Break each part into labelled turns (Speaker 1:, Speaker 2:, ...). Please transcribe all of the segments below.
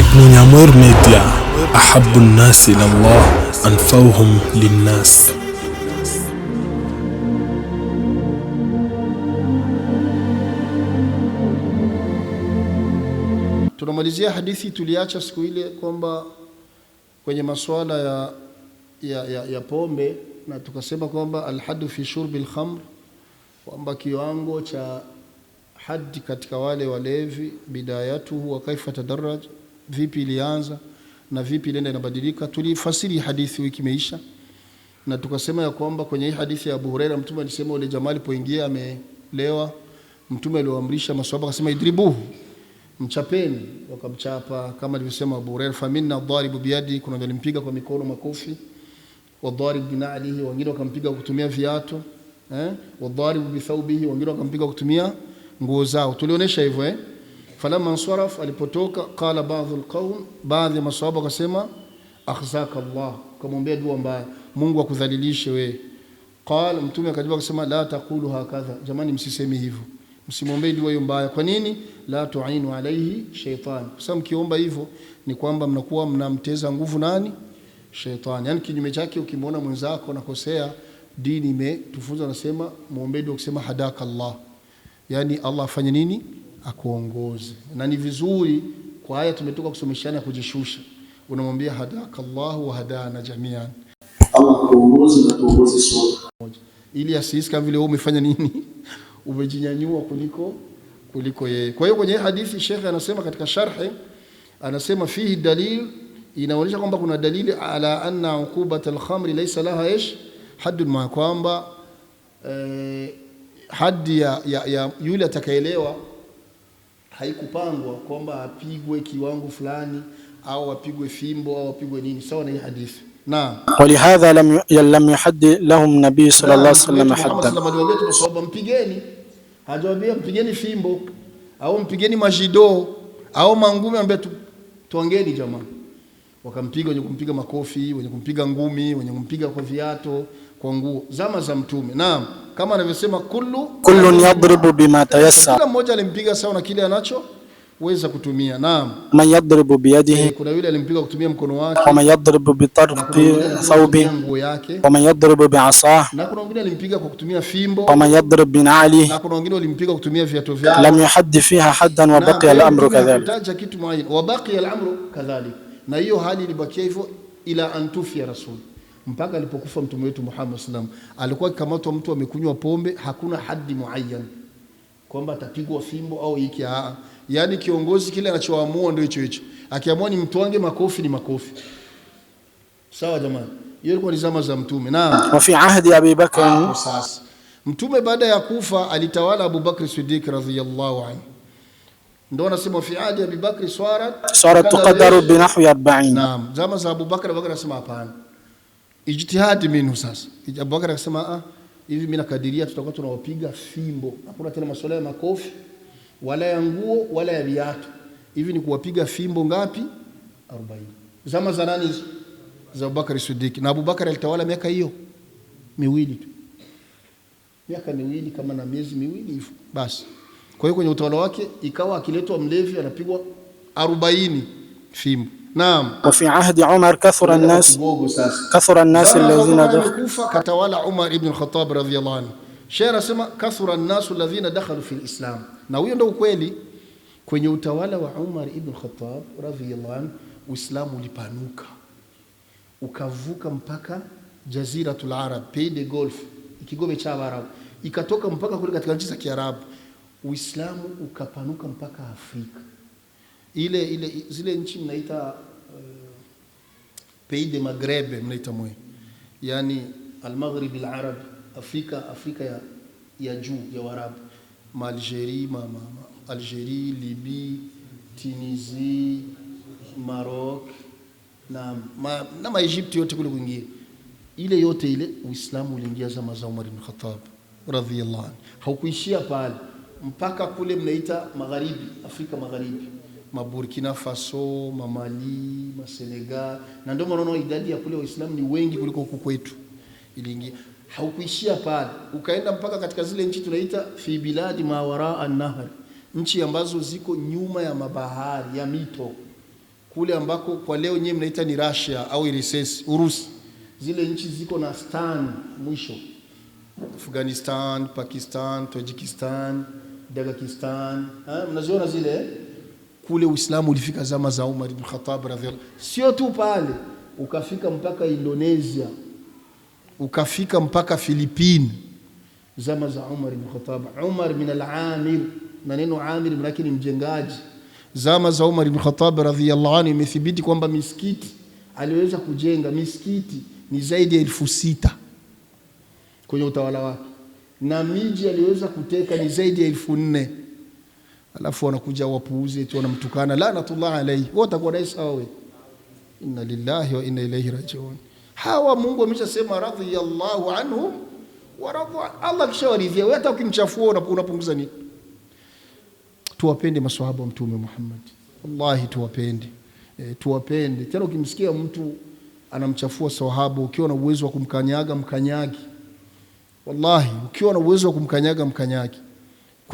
Speaker 1: Ibnu Nyamur Media, ahabu nnasi ila Allah anfauhum linnas.
Speaker 2: Tunamalizia hadithi tuliacha siku ile kwamba kwenye masuala ya, ya, ya, ya pombe na tukasema kwamba alhadu fi shurbi lkhamr, kwamba kiwango cha hadi katika wale walevi bidayatuhu wa kaifa tadaraja vipi ilianza na vipi ilienda inabadilika. Tulifasiri hadithi wiki imeisha, na tukasema ya kwamba kwenye hii hadithi ya Abu Huraira mtume alisema ule jamaa alipoingia amelewa, mtume aliwaamrisha maswahaba akasema, idribuhu, mchapeni. Wakamchapa kama alivyosema Abu Huraira, faminna dharibu biyadi, kuna walimpiga kwa mikono makofi, wadharibu alihi, wengine wakampiga kutumia viatu eh, wadharibu bithaubihi, wengine wakampiga kutumia nguo zao. Tulionyesha hivyo eh Falamma ansaraf, alipotoka, qala baadhi alqaum, baadhi ya maswahaba wakasema akhzaka Allah, kamwombea dua mbaya, Mungu akudhalilishe we Qala, mtume akajibu akasema la taqulu hakadha, jamani, msisemi hivyo, msimwombee dua hiyo mbaya. Kwa nini? La tuainu alaihi shaytan, kwa sababu mkiomba hivyo ni kwamba mnakuwa mnamteza nguvu nani? Shaytan. Yani kinyume chake, ukimwona mwenzako nakosea dini imetufunza nasema muombe dua, kusema hadaka Allah, yani Allah afanye nini akuongoze. Na ni vizuri kwa haya tumetoka kusomeshana kujishusha, unamwambia hadaka Allahu wa hadana jamian, ili asihisi kama vile wewe umefanya nini, umejinyanyua kuliko kuliko yeye. Kwa hiyo kwenye hadithi shekhe anasema katika sharhi, anasema fihi dalil, inaonyesha kwamba kuna dalili ala anna uqubat alkhamri laysa laha ish haddun, ma kwamba eh, hadi ya, ya, ya yule atakaelewa haikupangwa kwamba apigwe kiwango fulani au apigwe fimbo au apigwe nini, sawa na hii hadithi. Naam,
Speaker 3: walihadha lam yuhaddi lahum nabii sallallahu alaihi wasallam hadda,
Speaker 2: kwa sababu mpigeni, hajawaambia mpigeni fimbo au mpigeni majido au mangumi, ambaye tu tuangeni jamaa. Wakampiga wenye kumpiga makofi, wenye kumpiga ngumi, wenye kumpiga kwa viato, kwa nguo, zama za Mtume. Naam kama anavyosema kullu
Speaker 3: kullu yadribu bima tayassara,
Speaker 2: kila mmoja alimpiga sawa na kile anacho weza kutumia. Naam,
Speaker 3: man yadribu biyadihi, eh,
Speaker 2: kuna yule alimpiga kutumia mkono wake,
Speaker 3: wa man yadribu bi tarfi thawbi, wa man yadribu bi asa,
Speaker 2: na kuna wengine alimpiga kwa kutumia fimbo,
Speaker 3: wa man yadrib bi nali, na
Speaker 2: kuna wengine walimpiga kutumia viatu
Speaker 3: vyao, lam yuhaddi fiha haddan wa baqiya al-amru kadhalik,
Speaker 2: taja kitu muayyan wa baqiya al-amru kadhalik, na hiyo hali ilibakia hivyo ila antufi ya rasuli mpaka alipokufa mtume wetu Muhammad sallam. Alikuwa akikamatwa mtu amekunywa pombe, hakuna haddi muayyan kwamba atapigwa fimbo au hiki. Yaani kiongozi kile anachoamua ndio hicho hicho, akiamua ni mtwange makofi ni makofi. Sawa jamani, hiyo ilikuwa ni zama za mtume na wa
Speaker 3: fi ahdi Abi Bakr. Sasa
Speaker 2: mtume baada ya kufa alitawala Abu Bakr Siddiq radhiyallahu anhu ndio anasema fi ahdi Abi Bakr swara
Speaker 3: swara tuqaddaru bi nahwi 40.
Speaker 2: Naam, zama za Abu Bakr, Bakr anasema hapana ijtihadi minhu. Sasa Abubakar akasema ah, hivi, mimi nakadiria tutakuwa tunawapiga fimbo, hakuna tena masuala ya makofi wala ya nguo wala ya viatu, hivi ni kuwapiga fimbo ngapi? 40. Zama za nani hizo? Za Abubakar Siddiq. Na Abubakar alitawala miaka hiyo miwili tu, miaka miwili kama na miezi miwili hivyo basi. Kwa hiyo kwenye utawala wake ikawa akiletwa mlevi anapigwa 40 fimbo. Naam.
Speaker 3: Wa fi ahdi Umar kathura an-nas kathura an-nas alladhina
Speaker 2: dakhalu Kufa katawala Umar ibn al-Khattab radhiyallahu anhu. Sheikh anasema kathura an-nas alladhina dakhalu fi al-Islam. Na huyo ndio ukweli kwenye utawala wa Umar ibn al-Khattab radhiyallahu anhu Uislamu ulipanuka ukavuka mpaka Jaziratul Arab, Pays de Golf, kigobe cha ikatoka mpaka kule katika nchi za Kiarabu. Uislamu ukapanuka mpaka Afrika ile ile zile nchi mnaita uh, pays de Maghreb mnaita mwe, yani al-Maghrib al-Arab, Afrika Afrika ya, ya juu ya warabu ma Algeria ma, ma, Algeria, Libya, Tunisia, Maroc na ma, na ma Egypt yote kule kuingia ile yote ile Uislamu uliingia zama za Umar ibn Khattab radhiyallahu anhu, haukuishia pale mpaka kule mnaita magharibi Afrika magharibi ma Burkina Faso, ma Mali, ma Masenegal, na ndio maana idadi ya kule Waislamu ni wengi kuliko huku kwetu. Iliingia haukuishia pale, ukaenda mpaka katika zile nchi tunaita fi biladi mawara an-nahar, nchi ambazo ziko nyuma ya mabahari ya mito, kule ambako kwa leo nyewe mnaita ni Russia au Irisesi, Urusi. Zile nchi ziko na stan mwisho, Afghanistan, Pakistan, Tajikistan, Dagestan, ah, mnaziona zile eh? kule Uislamu ulifika zama za Umar ibn Khattab radhiallahu, sio tu pale, ukafika mpaka Indonesia, ukafika mpaka Filipini zama za Umar ibn Khattab. Umar min al-amir na neno amir lakini mjengaji. Zama za Umar ibn Khattab radhiyallahu anhu imethibiti kwamba misikiti aliweza kujenga misikiti ni zaidi ya elfu sita kwenye utawala wake, na miji aliweza kuteka ni zaidi ya elfu nne alafu wanakuja wapuuzi tu wanamtukana lanatullah alayhi, wao watakuwa na sawa. Inna lillahi wa inna ilayhi rajiun. Hawa Mungu ameshasema radhiyallahu anhu wa radha Allah, kishawaridhia wewe, hata ukimchafua unapunguza nini? Tuwapende maswahaba wa Mtume Muhammad, wallahi tuwapende e, tuwapende tena. Ukimsikia mtu anamchafua sahaba, ukiwa na uwezo wa kumkanyaga mkanyagi, wallahi, ukiwa na uwezo wa kumkanyaga mkanyagi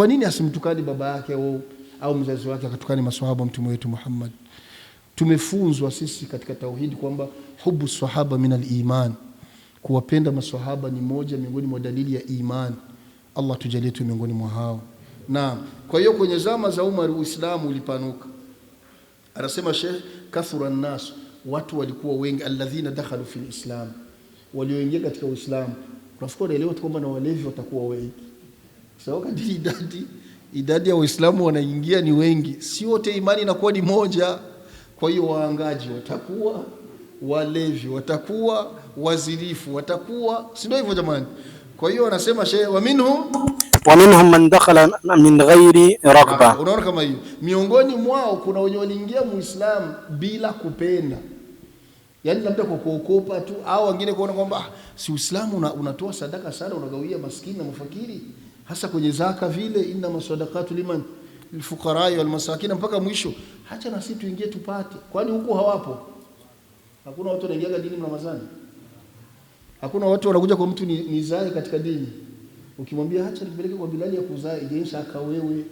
Speaker 2: kwa nini asimtukani baba yake au, au mzazi wake akatukani maswahaba mtume wetu Muhammad? Tumefunzwa sisi katika tauhidi kwamba hubu sahaba min aliman, kuwapenda maswahaba ni moja miongoni mwa dalili ya iman. Allah tujalie tu miongoni mwa hao. Naam. Kwa hiyo kwenye zama za Umar Uislamu ulipanuka. Anasema Sheikh, kathura nnas, watu walikuwa wengi, alladhina dakhalu fil islam, walioingia katika Uislamu. Unafikiri unaelewa kwamba na walevi watakuwa wengi So, wakati idadi, idadi ya Waislamu wanaingia ni wengi, si wote imani inakuwa ni moja. Kwa hiyo waangaji watakuwa, walevi watakuwa, wazirifu watakuwa, si ndio hivyo jamani? Kwa hiyo wanasema shehe, wa minhum
Speaker 3: wa minhum man dakhala min ghairi ragba. Ah,
Speaker 2: unaona kama hiyo, miongoni mwao kuna wenye waliingia muislamu bila kupenda, yaani labda kwa kuokopa tu, au wengine kuona kwamba ah, si Uislamu unatoa sadaka sana, unagawia maskini na mafakiri hasa kwenye zaka vile, inna masadaqatu liman lilfuqarai walmasakin mpaka mwisho. Hacha na sisi tuingie tupate, kwani huku hawapo? Hakuna watu wanaingia dini Ramadhani, hakuna watu wanakuja kwa mtu nizae ni katika dini. Ukimwambia hacha nipeleke kwa Bilali ya kuzaa, ijeisha aka wewe.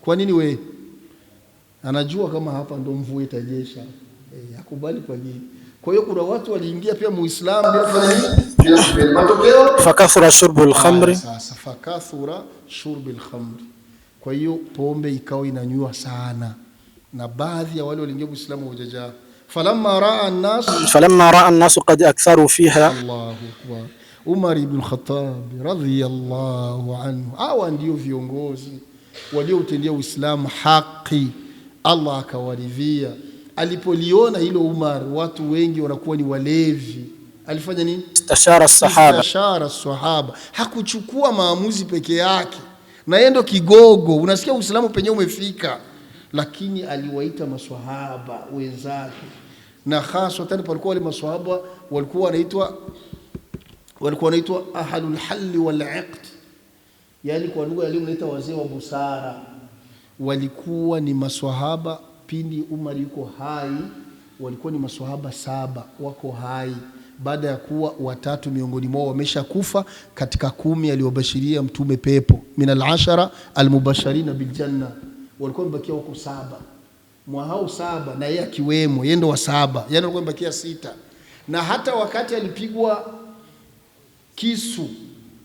Speaker 2: Kwa nini wewe? Anajua kama hapa ndo mvua itajesha, eh, akubali kwa nini? Kwa hiyo kuna watu waliingia pia Muislamu bila kufanya
Speaker 3: nini? Matokeo fakathura shurbul khamri.
Speaker 2: Sasa fakathura shurbul khamri. Kwa hiyo pombe ikawa inanywa sana, na baadhi ya wale waliingia Muislamu hujaja. falamma raa an-nas
Speaker 3: falamma raa an-nas qad aktharu fiha.
Speaker 2: Allahu akbar. Umar ibn Khattab radhiyallahu anhu, hawa ndio viongozi walioutendia Uislamu haki, Allah akawaridhia alipoliona hilo Umar, watu wengi wanakuwa ni walevi, alifanya nini?
Speaker 3: Istashara sahaba,
Speaker 2: istashara sahaba. Hakuchukua maamuzi peke yake, na yeye ndo kigogo. Unasikia Uislamu penye umefika, lakini aliwaita maswahaba wenzake, na tena palikuwa wale maswahaba walikuwa wanaitwa walikuwa wanaitwa ahlul halli wal aqd, yani kwa lugha ya leo unaita wazee wa busara. Walikuwa ni maswahaba Pindi Umar yuko hai, walikuwa ni maswahaba saba wako hai, baada ya kuwa watatu miongoni mwao wameshakufa katika kumi aliyobashiria mtume pepo, min alashara almubasharina biljanna, walikuwa wamebakia huko saba mwa hao saba na yeye akiwemo, yeye ndo wa saba, yani walikuwa wamebakia sita. Na hata wakati alipigwa kisu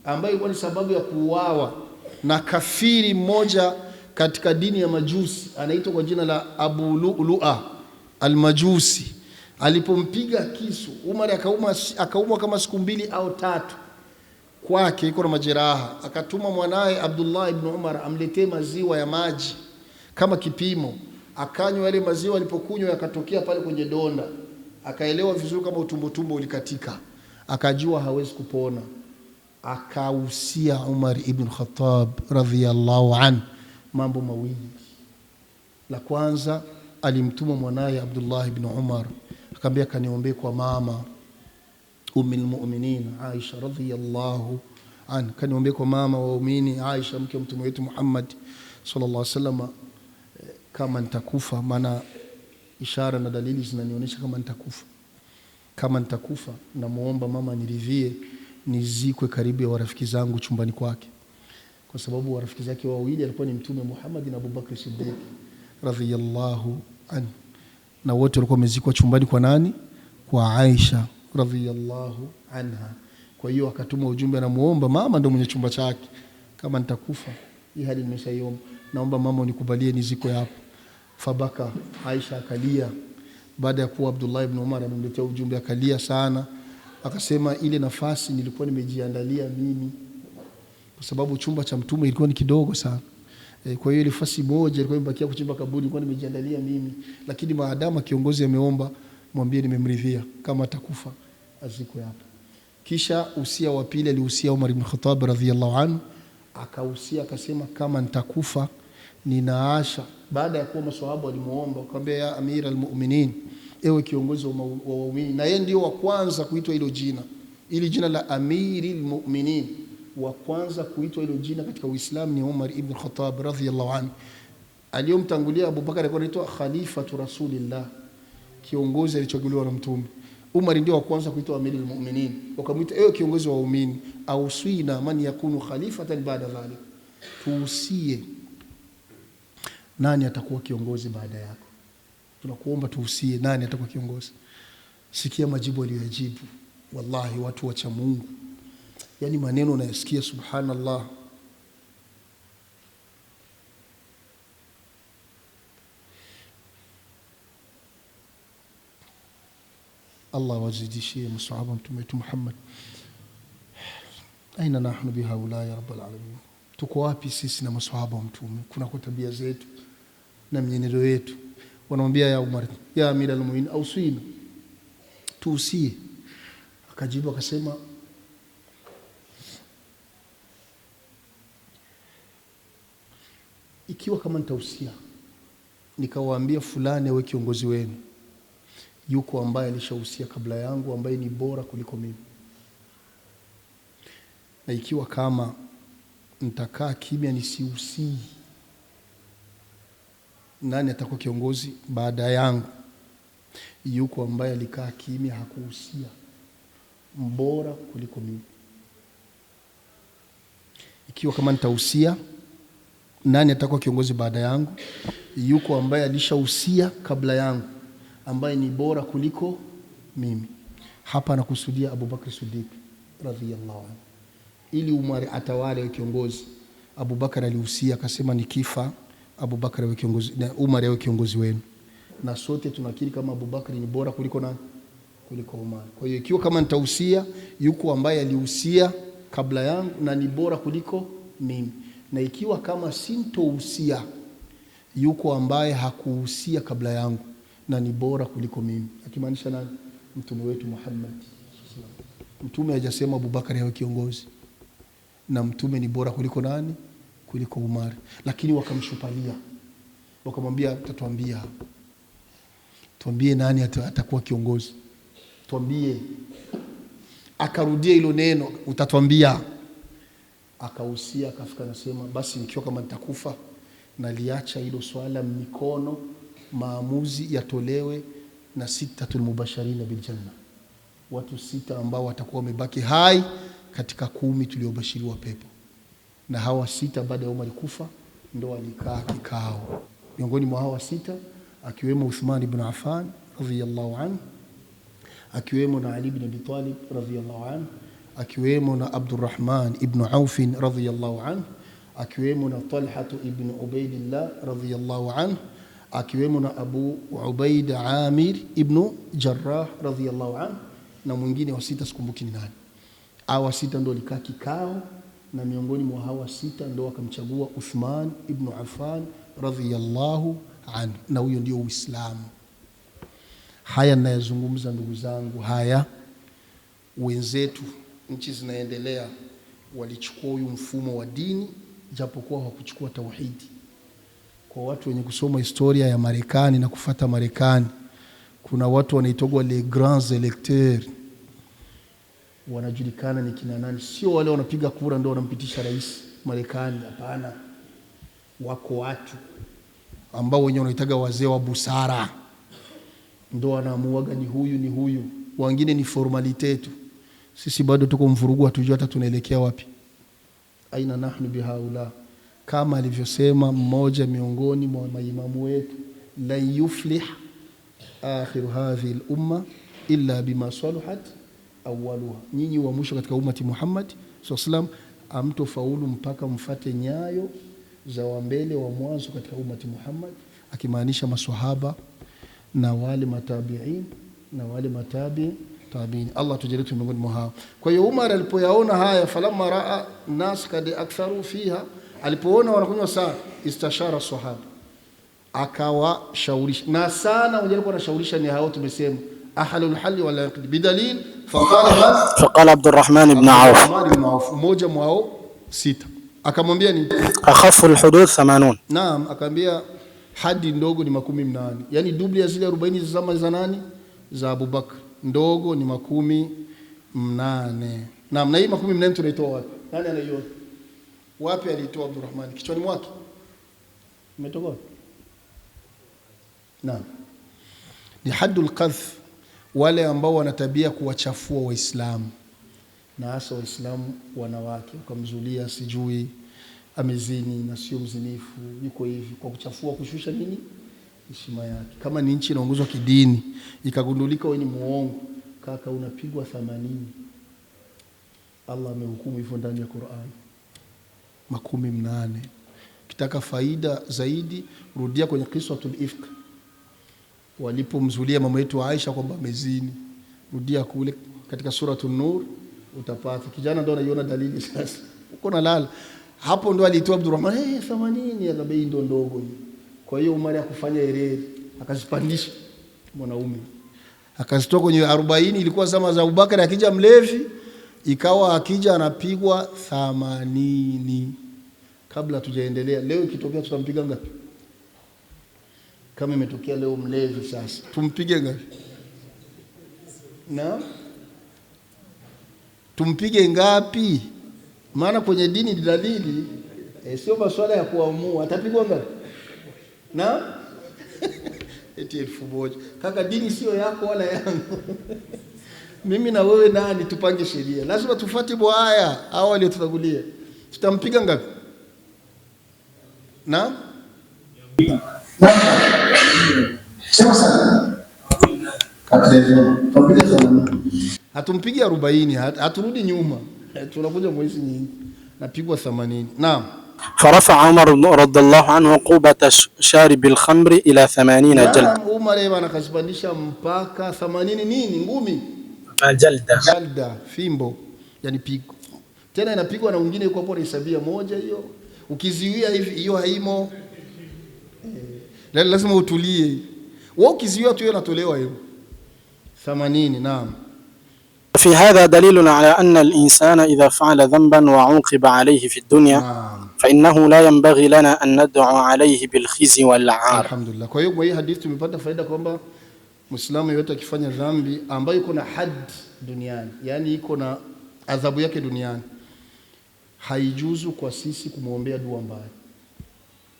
Speaker 2: ambayo ilikuwa ni sababu ya kuuawa na kafiri mmoja katika dini ya Majusi, anaitwa kwa jina la Abu Lu'lu'a al-Majusi. Alipompiga kisu Umar akauma, akaumwa kama siku mbili au tatu, kwake iko na majeraha. Akatuma mwanaye Abdullah ibn Umar amletee maziwa ya maji kama kipimo, akanywa yale maziwa. Alipokunywa yakatokea pale kwenye donda, akaelewa vizuri kama utumbotumbo ulikatika, akajua hawezi kupona, akausia Umar ibn Khattab radhiyallahu anhu mambo mawili. La kwanza alimtuma mwanaye Abdullah ibn Umar akamwambia, kaniombe kwa mama Ummul Mu'minin Aisha radhiyallahu anha, kaniombe kwa mama umini Aisha, mke wa mtume wetu Muhammad sallallahu alaihi wasallam, eh, kama nitakufa. Maana ishara na dalili zinanionyesha kama nitakufa, kama nitakufa, namuomba mama niridhie nizikwe karibu ya warafiki zangu chumbani kwake kwa sababu warafiki zake wawili alikuwa ni Mtume Muhammad na Abubakr Siddiq radhiyallahu anhu, na wote walikuwa wamezikwa chumbani kwa nani? Kwa Aisha radhiyallahu anha. Kwa hiyo akatuma ujumbe, anamuomba mama, ndio mwenye chumba chake, kama nitakufa hii hali nimeshaiomba, naomba mama unikubalie niziko hapo. Fabaka, Aisha akalia. Baada ya kuwa Abdullah ibn Umar amemletea ujumbe, akalia sana, akasema ile nafasi nilikuwa nimejiandalia mimi kwa sababu chumba cha mtume ilikuwa ni kidogo sana. E, kwa hiyo ile nafasi moja ilikuwa imebakia kuchimba kaburi, ilikuwa nimejiandalia mimi, lakini maadamu kiongozi ameomba, mwambie nimemridhia kama atakufa azikwe hapa. Kisha usia wa pili aliusia Umar ibn Khattab radhiyallahu anhu, akausia akasema, kama nitakufa ninaasha. Baada ya kuwa maswahaba walimuomba akamwambia, ya Amir al-Mu'minin, ewe kiongozi wa waumini, na yeye ndio wa kwanza kuitwa hilo jina, ili jina la Amir al-Mu'minin wa kwanza kuitwa hilo jina katika Uislamu ni Umar ibn Khattab radhiyallahu anhu. Aliyomtangulia Abubakar alikuwa anaitwa khalifatu rasulillah, kiongozi alichaguliwa na Mtume. Umar ndio wa kwanza kuitwa amirul mu'minin, wakamwita ewe kiongozi wa waumini. Auswina man yakunu khalifatan baada dhalik, tuusie nani atakuwa kiongozi baada yako. Tunakuomba tuusie nani atakuwa kiongozi. Sikia majibu aliyojibu, wallahi watu wacha Mungu Yaani maneno unayosikia subhanallah, Allah wazidishie masahaba mtume wetu Muhammad. Aina nahnu bihaula ya rabbil alamin, tuko wapi sisi na masahaba wa mtume? Kuna kwa tabia zetu na mwenendo wetu. Wanamwambia ya Umar, ya amiral mu'minin, ausina, tuusie. Akajibu akasema ikiwa kama nitahusia nikawaambia fulani awe kiongozi wenu, yuko ambaye alishahusia kabla yangu, ambaye ni bora kuliko mimi, na ikiwa kama nitakaa kimya nisihusii nani atakuwa kiongozi baada yangu? Yuko ambaye alikaa kimya, hakuhusia mbora kuliko mimi. Ikiwa kama nitahusia nani atakuwa kiongozi baada yangu? Yuko ambaye alishahusia kabla yangu, ambaye ni bora kuliko mimi. Hapa anakusudia Abubakar Siddiq radhiyallahu anhu, ili Umar atawale awe kiongozi. Abubakar alihusia akasema, nikifa Abubakar awe kiongozi na Umar awe kiongozi wenu, na sote tunakiri kama Abubakar ni bora kuliko nani? Kuliko Umar. Kwa hiyo ikiwa kama nitahusia, yuko ambaye alihusia kabla yangu na ni bora kuliko mimi na ikiwa kama sintohusia, yuko ambaye hakuhusia kabla yangu na ni bora kuliko mimi, akimaanisha nani? Mtume wetu Muhammad. Mtume hajasema Abubakari awe kiongozi, na mtume ni bora kuliko nani? Kuliko Umar. Lakini wakamshupalia, wakamwambia, tatuambia, tuambie nani atakuwa kiongozi, tuambie. Akarudia hilo neno, utatwambia akahusia, akafika nasema, basi nikiwa kama nitakufa naliacha hilo swala, mikono maamuzi yatolewe na sittatul bil biljanna, watu sita ambao watakuwa wamebaki hai katika kumi tuliobashiriwa pepo. Na hawa sita baada ya Umar kufa ndo alikaa kikao, miongoni mwa hawa sita akiwemo Uthman ibn Affan radhiyallahu anhu, akiwemo na Ali ibn Abi Talib radhiyallahu anhu akiwemo na Abdurrahman ibn Aufin radhiyallahu an, akiwemo na Talhatu ibn Ubaidillah radhiyallahu an, akiwemo na Abu Ubaida Amir ibn Jarrah radhiyallahu an, na mwingine wa sita sikumbuki ni nani. Hawa sita ndio likaa kikao na miongoni mwa hawa sita ndio wakamchagua Uthman ibn Affan radhiyallahu an, na huyo ndio Uislamu. Haya ninayozungumza ndugu zangu, haya wenzetu nchi zinaendelea walichukua huyu mfumo wa dini, japokuwa hawakuchukua tauhidi. Kwa watu wenye kusoma historia ya Marekani na kufata Marekani, kuna watu wanaitogwa les grands electeurs, wanajulikana ni kina nani. Sio wale wanapiga kura ndio wanampitisha rais Marekani, hapana. Wako watu ambao wenye wanaitaga wazee wa busara, ndio wanaamuaga ni huyu ni huyu, wengine ni formalite tu. Sisi bado tuko mvurugu, hatujua hata tunaelekea wapi. Aina nahnu bihaula, kama alivyosema mmoja miongoni mwa maimamu wetu, lan yuflih akhiru hadhihi lumma illa bima salahat awaluha, nyinyi wa mwisho katika ummati Muhammad saa amtofaulu mpaka mfate nyayo za wambele wa mwanzo katika ummati Muhammad, akimaanisha maswahaba na wale matabiin na wale matabii tabiin. Allah tujalie miongoni mwa hao. Kwa hiyo Umar alipoyaona haya, falamma raa nas kad aktharu fiha, alipoona wanakunywa sana, istashara sahaba, akawashaurisha na sana wajaribu wanashaurisha ni hao tumesema ahlul hal wal aqd bidalil faqala
Speaker 3: faqala Abdurrahman ibn
Speaker 2: Auf, mmoja mwao sita akamwambia ni
Speaker 3: akhafu alhudud 80.
Speaker 2: Naam, akamwambia hadi ndogo ni makumi mnane, yani dubli ya zile 40 za zama za nani za Abubakar ndogo ni makumi mnane. Naam, na hii makumi mnane tunaitoa wapi? Nani anaiona? Wapi alitoa Abdurrahman? Kichwani mwake. Umetoka wapi? Naam. Ni haddul qadhf wale ambao wanatabia kuwachafua Waislamu na hasa Waislamu wanawake, ukamzulia sijui amezini na sio mzinifu, yuko hivi, kwa kuchafua kushusha nini heshima yake. Kama ni nchi inaongozwa kidini, ikagundulika wewe ni muongo, kaka, unapigwa thamanini. Allah amehukumu hivyo ndani ya Qur'an, makumi mnane. Kitaka faida zaidi, rudia kwenye qissatul ifk, walipomzulia mama yetu Aisha kwamba amezini. Rudia kule katika suratul Nur utapata. Kijana ndo anaiona dalili sasa, uko nalala hapo, ndo alitoa Abdurrahman, hey, eh, ya thamanini, ndo ndogo hii kwa hiyo umari akufanya hereri, akazipandisha mwanaume akazitoa kwenye arobaini. Ilikuwa zama za Abubakari, akija mlevi ikawa akija anapigwa thamanini. Kabla tujaendelea, leo ikitokea tutampiga ngapi? Kama imetokea leo mlevi sasa,
Speaker 3: tumpige ngapi? na tumpige ngapi? Maana kwenye dini didadili, e, eh, sio masuala ya kuamua atapigwa ngapi na eti elfu moja kaka, dini sio yako wala yangu mimi na wewe nani tupange sheria? Lazima tufuate Bwaya hao waliotutangulia. Tutampiga ngapi? na
Speaker 2: hatumpigi arobaini, haturudi nyuma, tunakuja mwezi nyingi, napigwa themanini. Naam.
Speaker 3: Farafa Umar radhiallahu anhu qubata sharibil khamri ila 80
Speaker 2: jalda, Umar yeye anakashipanisha mpaka 80 nini ngumi jalda, jalda fimbo, yani pigo. Tena inapigwa na mwingine yuko hapo anahesabia moja hiyo, ukiziwia hivi hiyo haimo eh, lazima utulie wewe, ukiziwia tu hiyo natolewa hiyo 80. Naam.
Speaker 3: Fi hadha dalilun ala anna al-insana idha fa'ala dhanban wa 'uqiba alayhi fi ad-dunya fainnahu la yanbaghi lana an nad'a alayhi bilkhizi wal Alhamdulillah.
Speaker 2: Kwa hiyo kwa hii hadithi tumepata faida kwamba mwislamu yote akifanya dhambi ambayo iko na had duniani, yani iko na adhabu yake duniani, haijuzu kwa sisi kumwombea dua mbaya.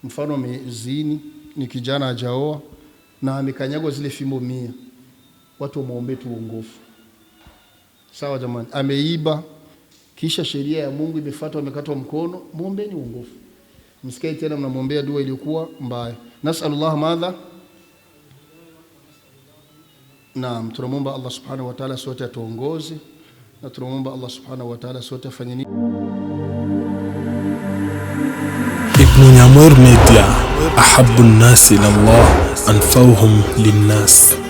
Speaker 2: Mfano amezini, ni kijana ajaoa na amekanyagwa zile fimbo mia, watu wamwombee tu uongofu. Sawa jamani, ameiba kisha sheria ya Mungu imefuatwa, amekatwa mkono, muombeeni uongofu. Msikae tena mnamwombea dua iliyokuwa mbaya. Nasalullah madha Naam, tunamwomba Allah subhanahu wa taala sote atuongoze na tunamwomba Allah subhanahu wa taala sote afanye nini.
Speaker 1: Ibnu Nyamweru Media, ahabu nnasi Allah anfauhum linnas